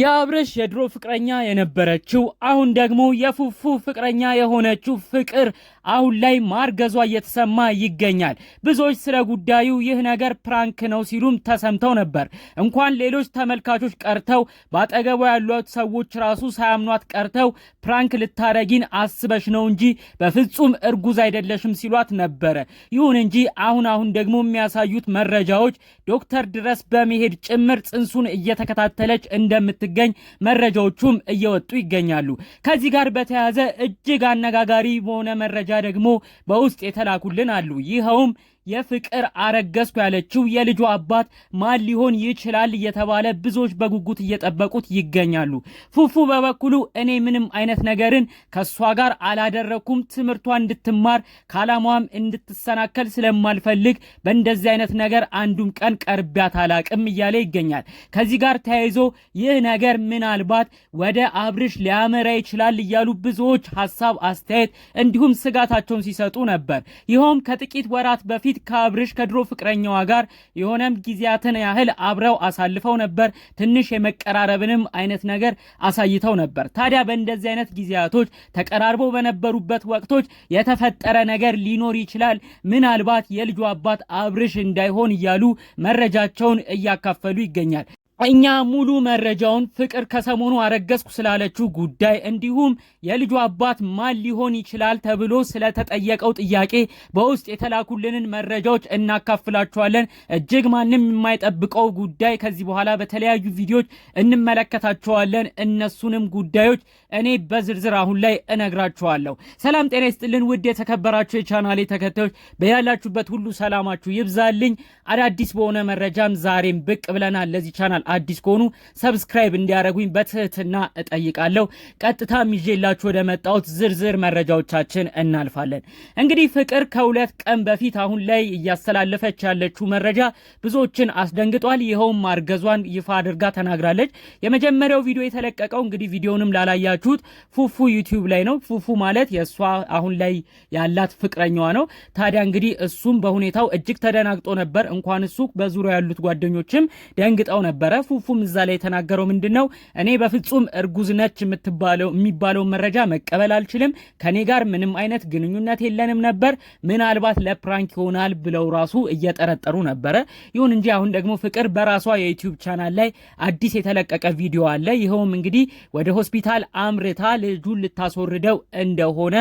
የአብርሽ የድሮ ፍቅረኛ የነበረችው አሁን ደግሞ የፉፉ ፍቅረኛ የሆነችው ፍቅር አሁን ላይ ማርገዟ እየተሰማ ይገኛል። ብዙዎች ስለ ጉዳዩ ይህ ነገር ፕራንክ ነው ሲሉም ተሰምተው ነበር። እንኳን ሌሎች ተመልካቾች ቀርተው በአጠገቧ ያሏት ሰዎች ራሱ ሳያምኗት ቀርተው ፕራንክ ልታረጊን አስበሽ ነው እንጂ በፍጹም እርጉዝ አይደለሽም ሲሏት ነበረ። ይሁን እንጂ አሁን አሁን ደግሞ የሚያሳዩት መረጃዎች ዶክተር ድረስ በመሄድ ጭምር ጽንሱን እየተከታተለች እንደምት እንደምትገኝ መረጃዎቹም እየወጡ ይገኛሉ። ከዚህ ጋር በተያያዘ እጅግ አነጋጋሪ በሆነ መረጃ ደግሞ በውስጥ የተላኩልን አሉ። ይኸውም የፍቅር አረገዝኩ ያለችው የልጇ አባት ማን ሊሆን ይችላል እየተባለ ብዙዎች በጉጉት እየጠበቁት ይገኛሉ። ፉፉ በበኩሉ እኔ ምንም አይነት ነገርን ከእሷ ጋር አላደረኩም፣ ትምህርቷ እንድትማር ከዓላማዋም እንድትሰናከል ስለማልፈልግ በእንደዚህ አይነት ነገር አንዱም ቀን ቀርቢያት አላቅም እያለ ይገኛል። ከዚህ ጋር ተያይዞ ይህ ነገር ምናልባት ወደ አብርሽ ሊያመራ ይችላል እያሉ ብዙዎች ሀሳብ፣ አስተያየት እንዲሁም ስጋታቸውን ሲሰጡ ነበር። ይኸውም ከጥቂት ወራት በፊት በፊት ከአብርሽ ከድሮ ፍቅረኛዋ ጋር የሆነም ጊዜያትን ያህል አብረው አሳልፈው ነበር። ትንሽ የመቀራረብንም አይነት ነገር አሳይተው ነበር። ታዲያ በእንደዚህ አይነት ጊዜያቶች ተቀራርበው በነበሩበት ወቅቶች የተፈጠረ ነገር ሊኖር ይችላል። ምናልባት የልጁ አባት አብርሽ እንዳይሆን እያሉ መረጃቸውን እያካፈሉ ይገኛል። እኛ ሙሉ መረጃውን ፍቅር ከሰሞኑ አረገዝኩ ስላለችው ጉዳይ እንዲሁም የልጁ አባት ማን ሊሆን ይችላል ተብሎ ስለተጠየቀው ጥያቄ በውስጥ የተላኩልንን መረጃዎች እናካፍላችኋለን። እጅግ ማንም የማይጠብቀው ጉዳይ ከዚህ በኋላ በተለያዩ ቪዲዮዎች እንመለከታቸዋለን። እነሱንም ጉዳዮች እኔ በዝርዝር አሁን ላይ እነግራችኋለሁ። ሰላም ጤና ይስጥልን ውድ የተከበራችሁ የቻናሌ ተከታዮች፣ በያላችሁበት ሁሉ ሰላማችሁ ይብዛልኝ። አዳዲስ በሆነ መረጃም ዛሬም ብቅ ብለናል ለዚህ ቻናል አዲስ ከሆኑ ሰብስክራይብ እንዲያደረጉኝ በትህትና እጠይቃለሁ። ቀጥታ ይዤላችሁ ወደ መጣሁት ዝርዝር መረጃዎቻችን እናልፋለን። እንግዲህ ፍቅር ከሁለት ቀን በፊት አሁን ላይ እያስተላለፈች ያለችው መረጃ ብዙዎችን አስደንግጧል። ይኸውም ማርገዟን ይፋ አድርጋ ተናግራለች። የመጀመሪያው ቪዲዮ የተለቀቀው እንግዲህ ቪዲዮንም ላላያችሁት ፉፉ ዩቲዩብ ላይ ነው። ፉፉ ማለት የእሷ አሁን ላይ ያላት ፍቅረኛዋ ነው። ታዲያ እንግዲህ እሱም በሁኔታው እጅግ ተደናግጦ ነበር። እንኳን እሱ በዙሪያ ያሉት ጓደኞችም ደንግጠው ነበረ። ፉፉም እዛ ላይ የተናገረው ምንድን ነው እኔ በፍጹም እርጉዝ ነች የሚባለው መረጃ መቀበል አልችልም። ከኔ ጋር ምንም አይነት ግንኙነት የለንም ነበር። ምናልባት ለፕራንክ ይሆናል ብለው ራሱ እየጠረጠሩ ነበረ። ይሁን እንጂ አሁን ደግሞ ፍቅር በራሷ የዩቲዩብ ቻናል ላይ አዲስ የተለቀቀ ቪዲዮ አለ። ይኸውም እንግዲህ ወደ ሆስፒታል አምርታ ልጁን ልታስወርደው እንደሆነ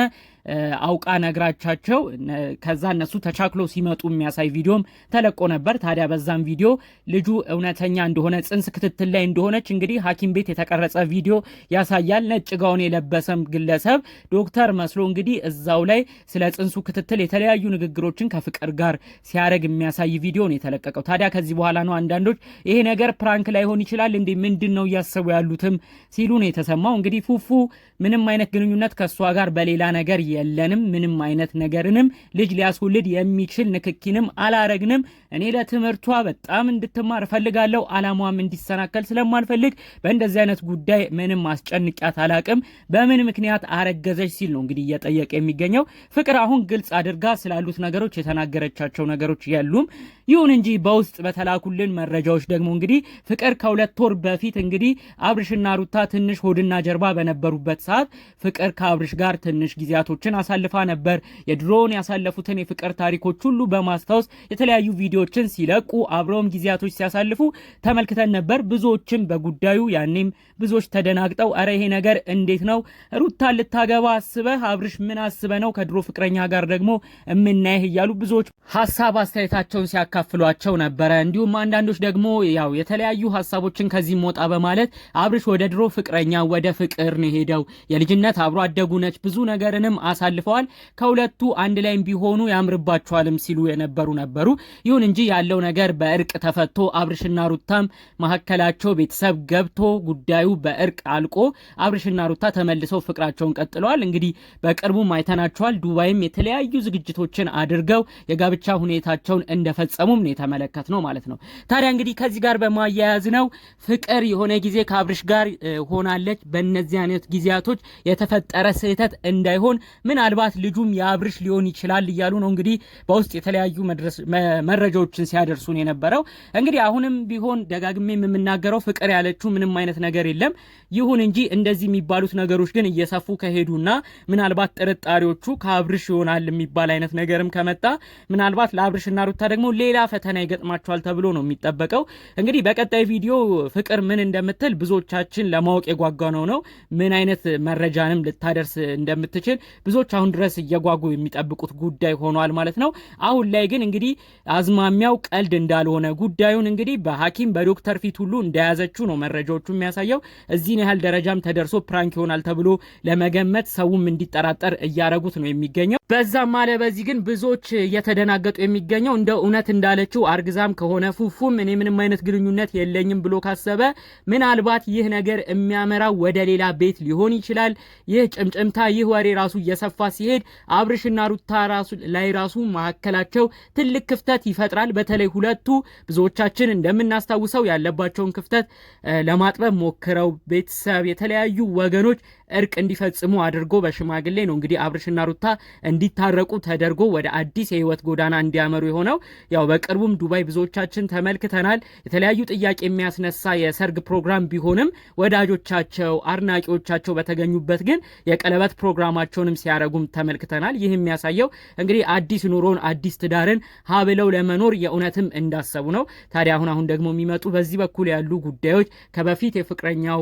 አውቃ ነግራቻቸው ከዛ እነሱ ተቻክሎ ሲመጡ የሚያሳይ ቪዲዮም ተለቆ ነበር። ታዲያ በዛም ቪዲዮ ልጁ እውነተኛ እንደሆነ ጽንስ ክትትል ላይ እንደሆነች እንግዲህ ሐኪም ቤት የተቀረጸ ቪዲዮ ያሳያል። ነጭ ጋውን የለበሰም ግለሰብ ዶክተር መስሎ እንግዲህ እዛው ላይ ስለ ጽንሱ ክትትል የተለያዩ ንግግሮችን ከፍቅር ጋር ሲያደርግ የሚያሳይ ቪዲዮ ነው የተለቀቀው። ታዲያ ከዚህ በኋላ ነው አንዳንዶች ይሄ ነገር ፕራንክ ላይሆን ይችላል እንዴ ምንድን ነው እያሰቡ ያሉትም ሲሉ ነው የተሰማው። እንግዲህ ፉፉ ምንም አይነት ግንኙነት ከእሷ ጋር በሌላ ነገር የለንም። ምንም አይነት ነገርንም ልጅ ሊያስወልድ የሚችል ንክኪንም አላረግንም። እኔ ለትምህርቷ በጣም እንድትማር እፈልጋለሁ። አላማዋም እንዲሰናከል ስለማልፈልግ በእንደዚህ አይነት ጉዳይ ምንም አስጨንቂያት አላቅም። በምን ምክንያት አረገዘች ሲል ነው እንግዲህ እየጠየቀ የሚገኘው። ፍቅር አሁን ግልጽ አድርጋ ስላሉት ነገሮች የተናገረቻቸው ነገሮች የሉም። ይሁን እንጂ በውስጥ በተላኩልን መረጃዎች ደግሞ እንግዲህ ፍቅር ከሁለት ወር በፊት እንግዲህ አብርሽና ሩታ ትንሽ ሆድና ጀርባ በነበሩበት ሰዓት ፍቅር ከአብርሽ ጋር ትንሽ ጊዜያቶችን አሳልፋ ነበር። የድሮውን ያሳለፉትን የፍቅር ታሪኮች ሁሉ በማስታወስ የተለያዩ ቪዲዮችን ሲለቁ አብረውም ጊዜያቶች ሲያሳልፉ ተመልክተን ነበር። ብዙዎችም በጉዳዩ ያኔም ብዙዎች ተደናግጠው አረ ይሄ ነገር እንዴት ነው ሩታ ልታገባ አስበህ አብርሽ ምን አስበ ነው ከድሮ ፍቅረኛ ጋር ደግሞ የምናይህ እያሉ ብዙዎች ሀሳብ አስተያየታቸውን ሲያ ሲያካፍሏቸው ነበረ። እንዲሁም አንዳንዶች ደግሞ ያው የተለያዩ ሀሳቦችን ከዚህ ሞጣ በማለት አብርሽ ወደ ድሮ ፍቅረኛ ወደ ፍቅር ነው ሄደው የልጅነት አብሮ አደጉ ነች ብዙ ነገርንም አሳልፈዋል ከሁለቱ አንድ ላይም ቢሆኑ ያምርባቸዋልም ሲሉ የነበሩ ነበሩ። ይሁን እንጂ ያለው ነገር በእርቅ ተፈቶ አብርሽና ሩታም መካከላቸው ቤተሰብ ገብቶ ጉዳዩ በእርቅ አልቆ አብርሽና ሩታ ተመልሰው ፍቅራቸውን ቀጥለዋል። እንግዲህ በቅርቡም አይተናቸዋል። ዱባይም የተለያዩ ዝግጅቶችን አድርገው የጋብቻ ሁኔታቸውን እንደፈጸሙ መፈጸሙም ነው የተመለከት ነው ማለት ነው። ታዲያ እንግዲህ ከዚህ ጋር በማያያዝ ነው ፍቅር የሆነ ጊዜ ከአብርሽ ጋር ሆናለች። በእነዚህ አይነት ጊዜያቶች የተፈጠረ ስህተት እንዳይሆን ምናልባት ልጁም የአብርሽ ሊሆን ይችላል እያሉ ነው እንግዲህ በውስጥ የተለያዩ መረጃዎችን ሲያደርሱን የነበረው። እንግዲህ አሁንም ቢሆን ደጋግሜ የምናገረው ፍቅር ያለችው ምንም አይነት ነገር የለም። ይሁን እንጂ እንደዚህ የሚባሉት ነገሮች ግን እየሰፉ ከሄዱና ምናልባት ጥርጣሬዎቹ ከአብርሽ ይሆናል የሚባል አይነት ነገርም ከመጣ ምናልባት ለአብርሽና ሩታ ደግሞ ሌላ ፈተና ይገጥማቸዋል ተብሎ ነው የሚጠበቀው። እንግዲህ በቀጣይ ቪዲዮ ፍቅር ምን እንደምትል ብዙዎቻችን ለማወቅ የጓጓነው ነው። ምን አይነት መረጃንም ልታደርስ እንደምትችል ብዙዎች አሁን ድረስ እየጓጉ የሚጠብቁት ጉዳይ ሆኗል ማለት ነው። አሁን ላይ ግን እንግዲህ አዝማሚያው ቀልድ እንዳልሆነ ጉዳዩን እንግዲህ በሐኪም በዶክተር ፊት ሁሉ እንደያዘችው ነው መረጃዎቹ የሚያሳየው። እዚህን ያህል ደረጃም ተደርሶ ፕራንክ ይሆናል ተብሎ ለመገመት ሰውም እንዲጠራጠር እያረጉት ነው የሚገኘው። በዛም አለ በዚህ ግን ብዙዎች እየተደናገጡ የሚገኘው እንደ እውነት እንዳለችው አርግዛም ከሆነ ፉፉም እኔ ምንም አይነት ግንኙነት የለኝም ብሎ ካሰበ ምናልባት ይህ ነገር የሚያመራው ወደ ሌላ ቤት ሊሆን ይችላል። ይህ ጭምጭምታ፣ ይህ ወሬ ራሱ እየሰፋ ሲሄድ አብርሽና ሩታ ላይ ራሱ መካከላቸው ትልቅ ክፍተት ይፈጥራል። በተለይ ሁለቱ ብዙዎቻችን እንደምናስታውሰው ያለባቸውን ክፍተት ለማጥበብ ሞክረው ቤተሰብ የተለያዩ ወገኖች እርቅ እንዲፈጽሙ አድርጎ በሽማግሌ ነው እንግዲህ አብርሽና ሩታ እንዲታረቁ ተደርጎ ወደ አዲስ የህይወት ጎዳና እንዲያመሩ የሆነው ያው በቅርቡም ዱባይ ብዙዎቻችን ተመልክተናል። የተለያዩ ጥያቄ የሚያስነሳ የሰርግ ፕሮግራም ቢሆንም ወዳጆቻቸው፣ አድናቂዎቻቸው በተገኙበት ግን የቀለበት ፕሮግራማቸውንም ሲያረጉም ተመልክተናል። ይህ የሚያሳየው እንግዲህ አዲስ ኑሮን አዲስ ትዳርን ሀብለው ለመኖር የእውነትም እንዳሰቡ ነው። ታዲያ አሁን አሁን ደግሞ የሚመጡ በዚህ በኩል ያሉ ጉዳዮች ከበፊት የፍቅረኛው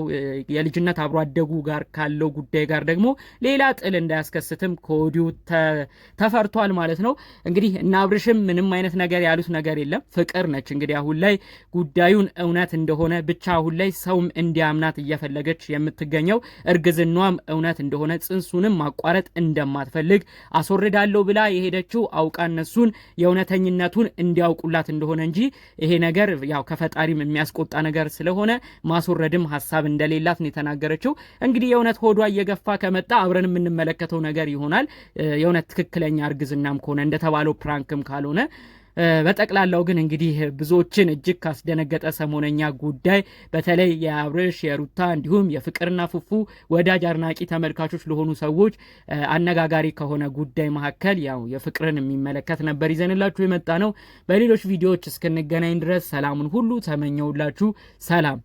የልጅነት አብሮ አደጉ ጋር ካለው ጉዳይ ጋር ደግሞ ሌላ ጥል እንዳያስከስትም ከወዲሁ ተፈርቷል ማለት ነው። እንግዲህ እና አብርሽም ምንም አይነት ነገር ያሉት ነገር የለም። ፍቅር ነች እንግዲህ አሁን ላይ ጉዳዩን እውነት እንደሆነ ብቻ አሁን ላይ ሰውም እንዲያምናት እየፈለገች የምትገኘው እርግዝናዋም እውነት እንደሆነ ጽንሱንም ማቋረጥ እንደማትፈልግ አስወርዳለሁ ብላ የሄደችው አውቃ እነሱን የእውነተኝነቱን እንዲያውቁላት እንደሆነ እንጂ ይሄ ነገር ያው ከፈጣሪም የሚያስቆጣ ነገር ስለሆነ ማስወረድም ሀሳብ እንደሌላት ነው የተናገረችው። እንግዲህ የእውነት ሆዷ እየገፋ ከመጣ አብረን የምንመለከተው ነገር ይሆናል። የእውነት ትክክለኛ እርግዝናም ከሆነ እንደተባለው ፕራንክም ካልሆነ በጠቅላላው ግን እንግዲህ ብዙዎችን እጅግ ካስደነገጠ ሰሞነኛ ጉዳይ በተለይ የአብርሽ የሩታ እንዲሁም የፍቅርና ፉፉ ወዳጅ አድናቂ ተመልካቾች ለሆኑ ሰዎች አነጋጋሪ ከሆነ ጉዳይ መካከል ያው የፍቅርን የሚመለከት ነበር ይዘንላችሁ የመጣ ነው። በሌሎች ቪዲዮዎች እስክንገናኝ ድረስ ሰላሙን ሁሉ ተመኘውላችሁ። ሰላም